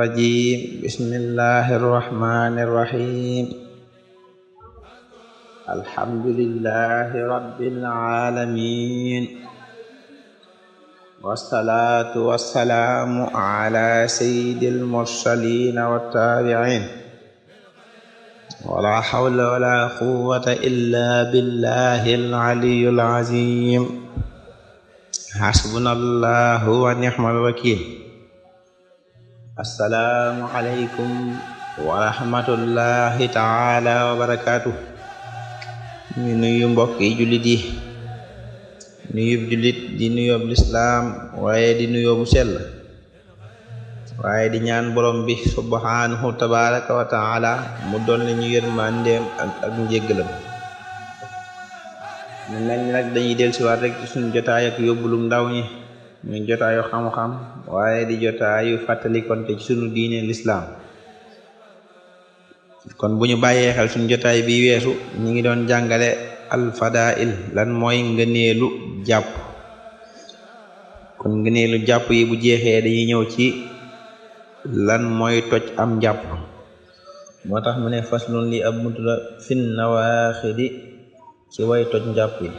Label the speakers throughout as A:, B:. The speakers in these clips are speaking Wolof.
A: الرجيم بسم الله الرحمن الرحيم الحمد لله رب العالمين والصلاة والسلام على سيد المرسلين والتابعين ولا حول ولا قوة إلا بالله العلي العظيم حسبنا الله ونعم الوكيل assalaamu aleykum wa rahmatullahi taala wa barakaatu ñu nuyu mbokk yi jullit yi nuyub di nuyoob lislaam waaye di nuyoobu sell waaye di ñaan borom bi subhanahu tabaraka wa taala mu doon la ñu yërmandeem ak ak njéggalam mu mel ni nag dañuy dellusiwaat rek ci suñu jotaay ak yóbbulum ndaw ñi muy jotaayu xam-xam waaye di jotaayu fàttalikonte ci sunu diine lislaam kon bu ñu bàyyee xel suñu jotaay bi weesu ñu ngi doon jàngale alfadail lan mooy ngëneelu jàpp kon ngëneelu jàpp yi bu jeexee dañuy ñëw ci lan mooy toj am jàpp moo tax mu ne faslun li ab buntu la fin nawaaxidi ci way toj njàpp yi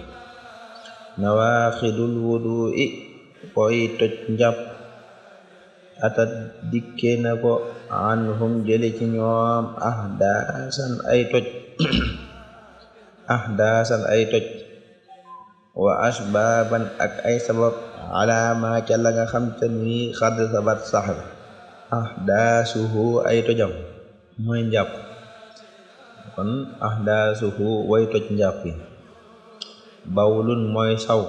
A: nawaaxidul wudu i koy toj njàpp ata dikke na ko anhum jële ci ñoom ahdaasan ay toj ahdaasan ay toj wa asbaaban ak ay sabab alaama ca la nga xam te ni sabat sax la ah, ay tojam mooy njàpp kon ahdaasuhu way toj njàpp bawlun mooy saw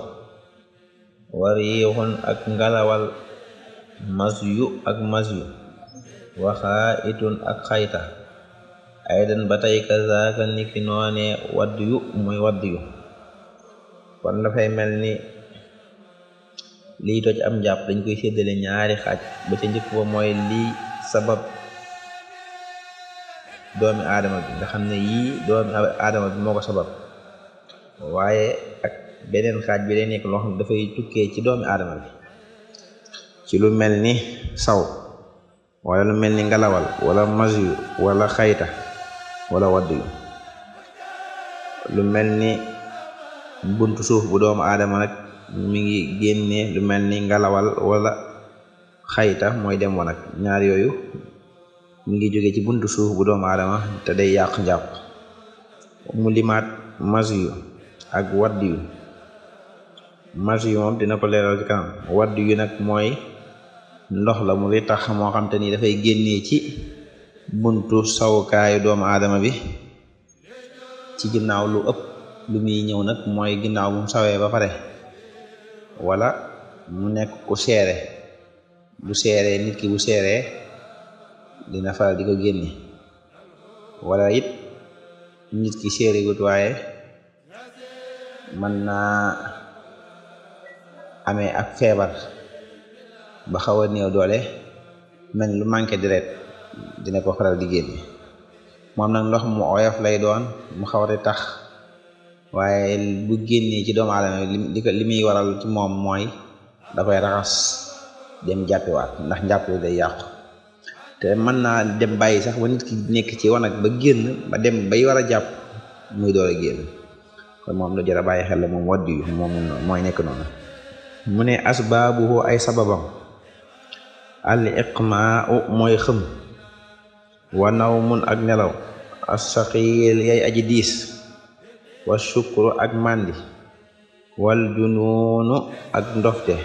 A: war yéexoon ak ngalawal mas yu ak mas yu itun ak xayta aydan ba tey kazaaka niki noonee wadd yu mooy wadd yu kon dafay mel ni liy toj am jàpp dañ koy séddale ñaari xaaj ba ca njëkk ba mooy lii sabab doomi adama bi nga xam ne yii doomi aadama bi moo sabab waaye ak beneen xaaj bi day nekk loo xam ne dafay tukkee ci doomi adama bi ci lu mel ni saw wala lu mel ni ngalawal wala masu wala xayta wala wadd lu mel ni buntu suuf bu doomu aadama nag ngi génnee lu mel ni ngalawal wala xayta mooy dem woon ñaar yooyu mi ngi jóge ci buntu suuf bu doomu adama te day yàq njàpp mu limaat masu yu ak wadd yu maj yi moom dina ko leeral ci kanam wadd yu nag mooy ndox la mu di tax moo xam te ni dafay génnee ci buntu sawukaayu doomu aadama bi ci ginnaaw lu ëpp lu muy ñëw nag mooy ginnaaw bu sawee ba pare wala mu nekk ku seere bu seeree nit ki bu seeree dina faral di ko génne wala it nit ki seere gut waaye mën naa amee ak feebar ba xaw a néew doole mel lu manqué deret dina ko faral di génne moom nag ndox mu oyof lay doon mu xaw a tax waaye bu génnee ci doomu aadama li li muy waral ci moom mooy da koy raxas dem jàppewaat ndax jàpp njàppale day yàqu te mën naa dem bàyyi sax ba nit ki ci wanag ba génn ba dem bay war a jàpp muy door a génn kon moom lu jar a bàyyi xel la moom waddi moom mooy nekk noonu mu ne asbaabuhu ay sababam al iqmaau mooy xëm wa naw nawmun ak nelaw assaqiil yay aji diis wa shukru ak màndi wal junuunu ak ndofte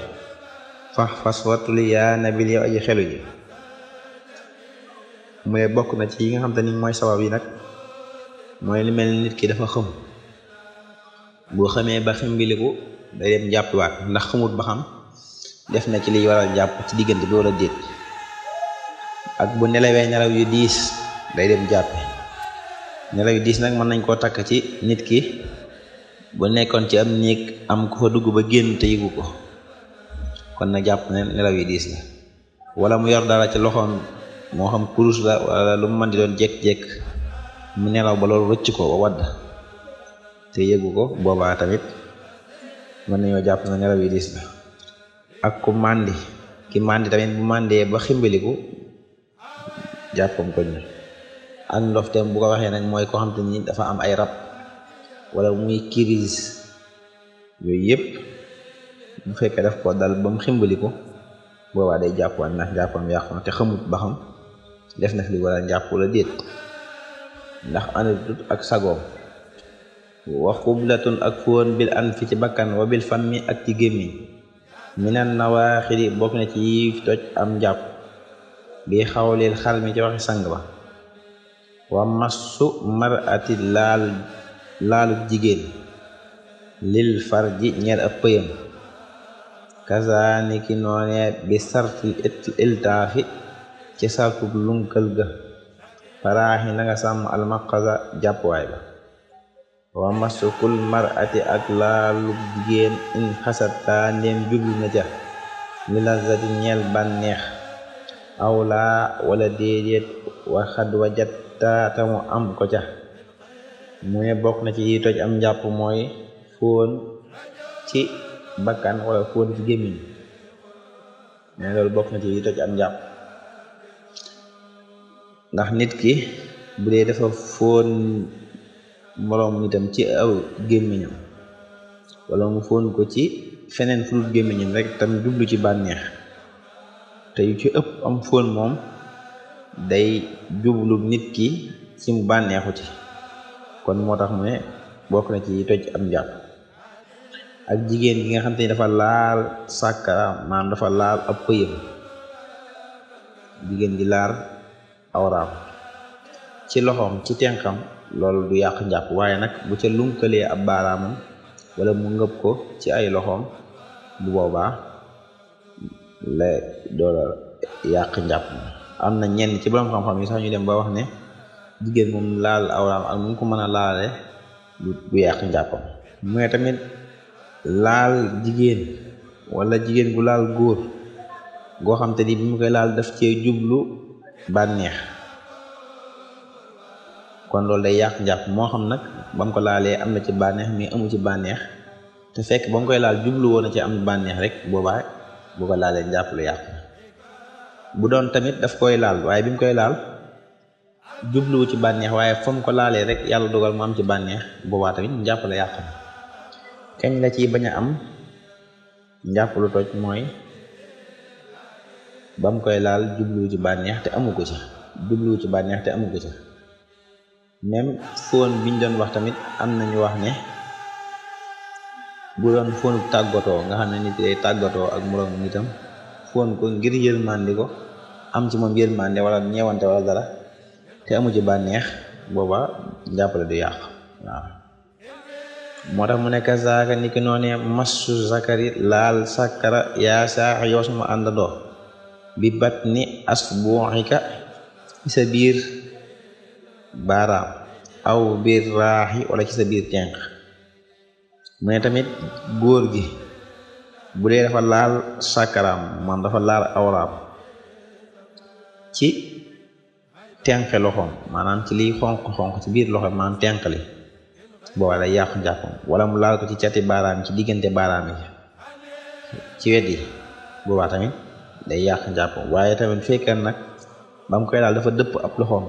A: fax fas watul yaa nabil yow aji xelu ji mu ne bokk na ci yi nga xam te ni mooy sabab yi nag mooy li mel nit ki dafa xëm bu xamee ba ximbiliku day dem jàppiwaat ndax xamut ba xam def na ci liy waral jàpp ci diggante bi wala déet ak bu nelawee nelaw yu diis day dem jàppi nelaw yu diis nag mën nañ koo takk ci nit ki bu nekkoon ci am néeg am ku fa dugg ba génn te ko kon na jàpp ne nelaw yu diis la wala mu yor dara ci loxoom moo xam kurus la wala lu mu mën di doon jekk mu nelaw ba loolu rëcc ko ba wadd te yëgu ko boobaa tamit mën nañoo jàpp na nelaw yi diis ak ku màndi ki màndi tamit bu màndee ba ximbiliku jàppam ko ñu ak ndofteem bu ko waxee nag mooy koo xam te dafa am ay rab wala muy crise yooyu yëpp bu fekkee daf ko dal ba mu ximbiliku boobaa jàpp jàppuwaat ndax jàppam yàqu na te xamut baxam def na fi li war jàpp la déet ndax anatut ak sagoom wa xublatun ak fóon bil an fi ci bakkan wa bil fammi ak ci gémmiñ minan nawaaxiri bokk na ci yi am njàpp bi xawlil xal mi ci waxi sang ba wa massu marati laal jigéen lil farji ñeer ab pëyam kasaaniki noone bi sartul iltaafi ci sartub lunkal ga paraaxi na nga sàmm almaqasa jàppuwaay ba wa masukul mar'ati ak la jigéen in xasata ndéem jublu na ca li lazati ñeel bànneex awlaa wala déedéet wa xad wajatta tamu am ko ca mu bokk na ci yi am njàpp mooy fóon ci bakkan wala fóon ci gémmiñ mais bokk na ci yi toj am njàpp ndax nit ki bu dafa fóon moroomu nitam ci aw gémmiñam wala mu fóon ko ci feneen fu dul gémmiñam rek tam jublu ci bànneex te yu ci ëpp am fóon moom day jublu nit ki ci mu bànneexu ci kon moo tax mu ne bokk na ci toj am njàpp ak jigéen gi nga xam te ni dafa laal sàkkaraam maanaam dafa laal ab pëyam jigéen gi laal awraam ci loxoom ci tenkam loolu du yàq njàpp waaye nag bu ca lunkalee ab baaraamam wala mu ngëb ko ci ay loxoom bu boobaa la doola yàq njàpp am na ñenn ci borom xam-xam yi sax ñu dem ba wax ne jigéen moom laal awraam ak mu ko mën a laale du yàq njàppam mu ne tamit laal jigéen wala jigéen gu laal góor goo xam te ni bi mu koy laal def cee jublu bànneex kon loolu day yàq njàpp moo xam nag bam ko laalee am na ci bànneex mais amu ci bànneex te fekk ba koy laal jublu woon ci am bànneex rek boobaa bu ko laalee njàpp lu bu doon tamit daf koy laal waaye bi koy laal jubluwu ci bànneex waaye fa mu ko laalee rek yàlla dogal mu ci bànneex boobaa tamit njàpp la yàqu kañ la ci bañ a am njàpp lu toj mooy ba mu koy laal jubluwu ci bànneex te amu ko ci jubluwu ci bànneex te ko même fóon biñ doon wax tamit am nañu wax ne bu doon tàggatoo nga xam ne tàggatoo ak moroomu nitam ko ngir yërmande ko am ci moom yërmande wala ñeewante wala dara te amu ci bànneex booba jàppale du yàq moo tax mu ne kazaaka ni ki noonee massu zakari laal sakkara yaa saax yow suma àndandoo bi bat ni asbuuxika sa biir baaraam aw biir raaxi wala ci sa biir tenq mu ne tamit góor gi bu dee dafa laal sàkkaraam man dafa laal awraam ci tenqe loxoom maanaam ci liy xonq xonq ci biir loxoom maanaam tenq li booba lay yàqu njàppam wala mu laal ko ci cati baaraam ci diggante baaraam ci wet yi boobaa tamit day yàq njàppam waaye tamit fekkee nag ba mu koy laal dafa dëpp ab loxoom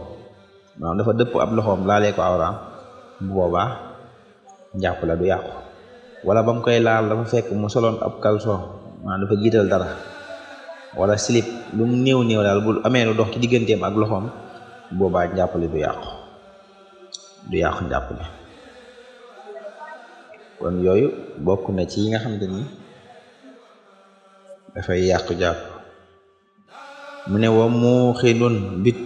A: maanaam dafa dëpp ab loxoom laalee ko awraam bu boobaa njàpp la du yàqu wala ba koy laal dafa fekk mu soloon ab caleçon maanaam dafa jiital dara wala slip lu néew néew daal bu amee lu dox ci digganteem ak loxoom bu boobaa njàpp li du yàqu du yàqu kon yooyu bokk na ci yi nga xamante ni dafay yàqu jàpp mu ne wa mu xidun bit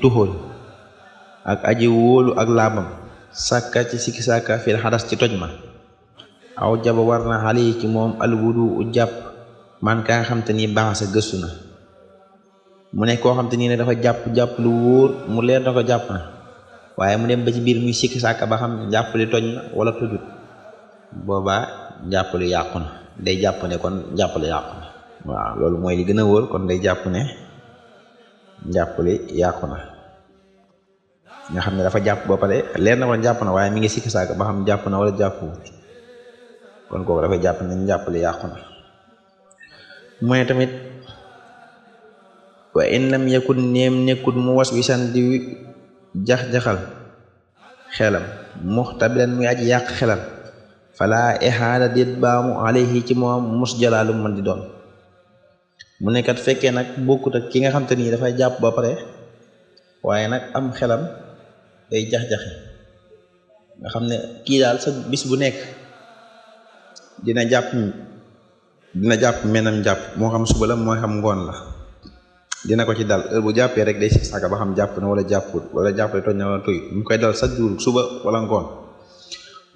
A: ak aji woolu ak laabam sàkka ci sikki sàkka xadas ci toj ma aw jaba war na moom alwudu u jàpp man ka nga xam te ni baax sa gëstu na mu ne koo xam te ni ne dafa jàpp jàpp wóor mu leer na ko jàpp na waaye mu dem ba ci biir muy sikki ba xam jàpp li toj na wala tojut booba jàpp lu yàqu na day jàpp ne kon jàpp lu na waaw loolu mooy li gën a wóor kon day jàpp ne jàpp li yàqu na nga xam ne dafa jàpp ba pare leer na woon jàpp na waaye mi ngi sikki saaka ba xam jàpp na wala jàppul kon kooku jàpp nañ jàppale yàqu na mu ne tamit wa in lam yakun néem nekkut mu was wisan di jax-jaxal xelam muxtabilan muy aji yàq xelam fala ihaada déet baamu ci moom mus jalaalu man di doon mu nekkat fekkee nag bokkut ki nga xam te nii dafay jàpp ba pare waaye nag am xelam day jax-jaxe nga xam ne kii daal sa bis bu nekk dina jàpp dina jàpp menam jàpp moo xam suba la moo xam ngoon la dina ko ci dal bu jàppee rek day si sàkka ba xam jàpp na wala jàppul wala jàpp toj na wala toy mu koy dal chaque jour suba wala ngoon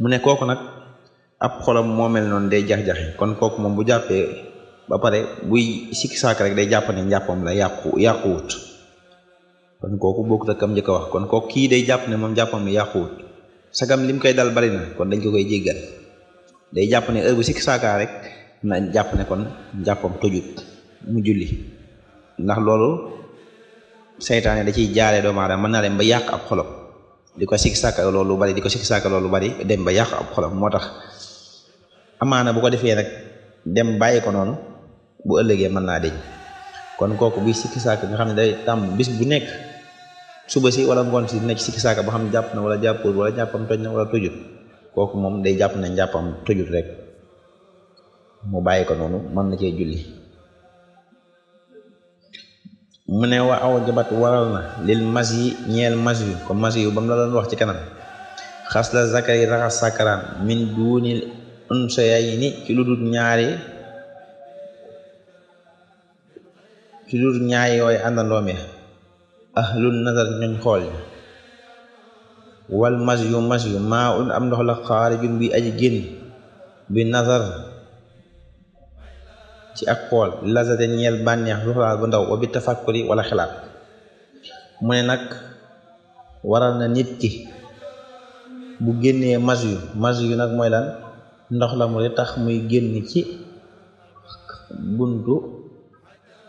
A: mu ne kooku nag ab xolam moo mel noon day jax-jaxe kon kooku moom bu jàppee ba pare buy sikki saak rek day jàpp ne njàppam la yàqu yàquwut kon kooku bokkut ak kam njëkk a wax kon kooku kii day jàpp ne moom jàppam mi yàquwut sagam lim koy dal bari na kon dañ ko koy jéggal day jàpp ne heure sikk saakaa rek na jàpp ne kon jàppam tojut mu julli ndax loolu seytaane da ciy jaaree doomu aadama mën naa dem ba yàq ab xolam di ko sikk sàkka loolu bari di ko sikk sàkka loolu bari dem ba yàq ab xolam moo tax amaana bu ko defee rek dem bàyyi ko noonu bu ëllëgee mën naa deñ kon kooku buy sikki saaka nga xam ne day tàmm bis bu nekk suba si wala ngoon si nekk sikki saaka ba xam jàpp na wala jàppul wala jàppam toj na wala tojut kooku moom day jàpp na jàppam tojut rek mu bàyyi ko noonu mën na cee julli mu ne wax aw jabat waral na lil mas yi ñeel mas yu comme mas yu ba mu la doon wax ci kanam xas la zakari raxas sakaraan min duunil unsayayni ci lu dul ñaari ci toujours ñaay yooyu àndandoom ya ahlul nazar ñoñ xool wal mas yu mas yu maa un am ndox la xaarijun bi aji génn bi nazar ci ak xool lazate ñeel bànneex bu xalaat bu ndaw wa bi tafakkuri wala xelaat mu ne nag waral na nit ki bu génnee mas yu mas yu nag mooy lan ndox la mu di tax muy génn ci buntu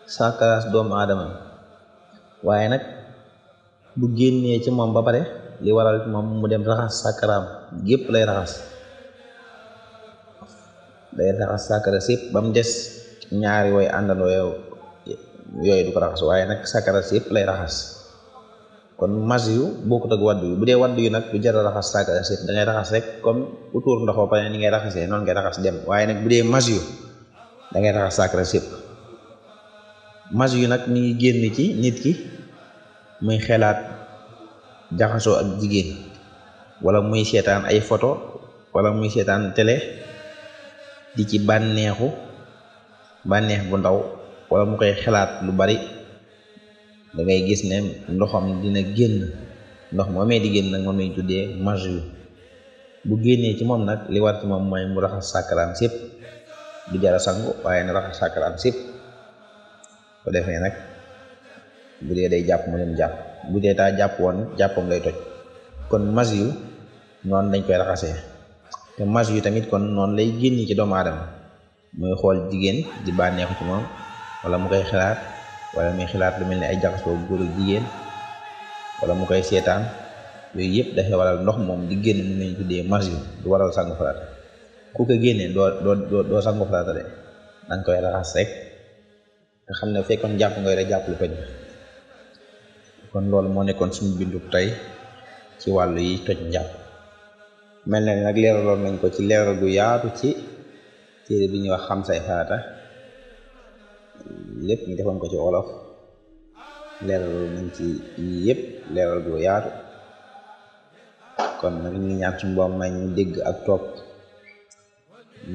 A: sakaraas doomu aadama waaye nag bu génnee ci moom ba pare li waral moom mu dem raxas saakaraam gépp lay raxas day raxas saakara sépp ba mu des ñaari way àndandoo yow yooyu waaye nag saakara sépp lay raxas kon mas yu bokkut ak waddu yu bu dee waddu yu nag du jar a raxas saakara sépp da ngay raxas rek comme ku tuur ndox ba pare ni ngay raxasee noonu ngay raxas dem waaye nag bu dee mas yu da ngay raxas saakara sépp mas yu nag mi ngi génn ci nit ki muy xelaat jaxasoo ak jigéen wala muy seetaan ay photo walla muy seetaan télé di ci bànneexu bànneex bu ndaw walla mu koy xelaat lu bari da ngay gis ne ndoxam dina génn ndox moomee di génn nag moom lañ tuddee mas yu bu génnee ci moom nag li war ci moom mooy mu raxas sàkkaraam sépp du jara sangu waaye na raxas sàkkaraam sépp ko defee nag bu dee day jàpp mu dem jàpp bu dee taa jàpp woon jàppam lay toj kon mas yu noonu dañ koy raxase te mas yu tamit kon noonu lay génn ci doomu aadama muy xool jigéen di bànneexu ci wala mu koy xalaat wala muy xalaat lu mel ne ay jaxasoo góor wala mu koy seetaan yooyu yëpp dafay waral ndox moom di génn ni nañ tuddee mas yu du waral sangu farata ku ko génnee doo doo doo sangu farata de danga koy raxas rek xam ne fekkoon jàpp nga rek jàpp lu ko kon loolu moo nekkoon suñu bindu tey ci wàllu yi toj njàpp mel na nag leeraloon nañ ko ci leeral gu yaatu ci téere bi wax xam say lépp ñu ko ci wolof leeraloon nañ ci yëpp leeral gu yaatu kon nag ñu ñaan suñu boom may ñu dégg ak topp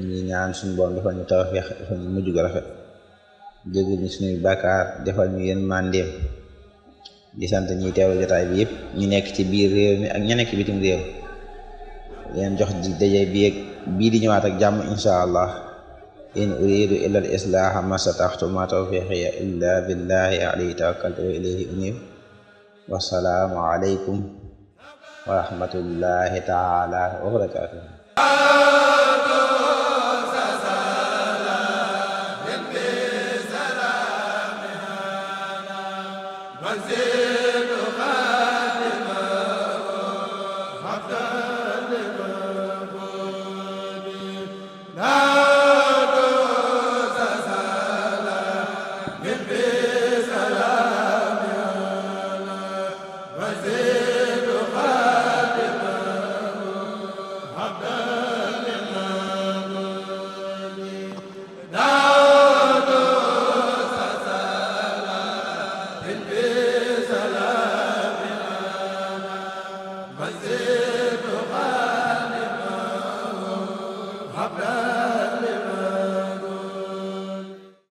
A: ñu ñaan suñu boom dafa ñu tawfeex dafa ñu mujj gu rafet jégal ñu suñuy bàkkaar defal ñu yéen mandéem di sant ñiy teewlu jotaay bi yëpp ñu nekk ci biir réew mi ak ña nekk bitim réew leen jox di daje bi ak bii di ñëwaat ak jàmm insha allah in uridu illa al islaaha ma sataxtu illa billahi alayhi tawakkaltu wa ilayhi unib wassalaamu alaykum wa taala wa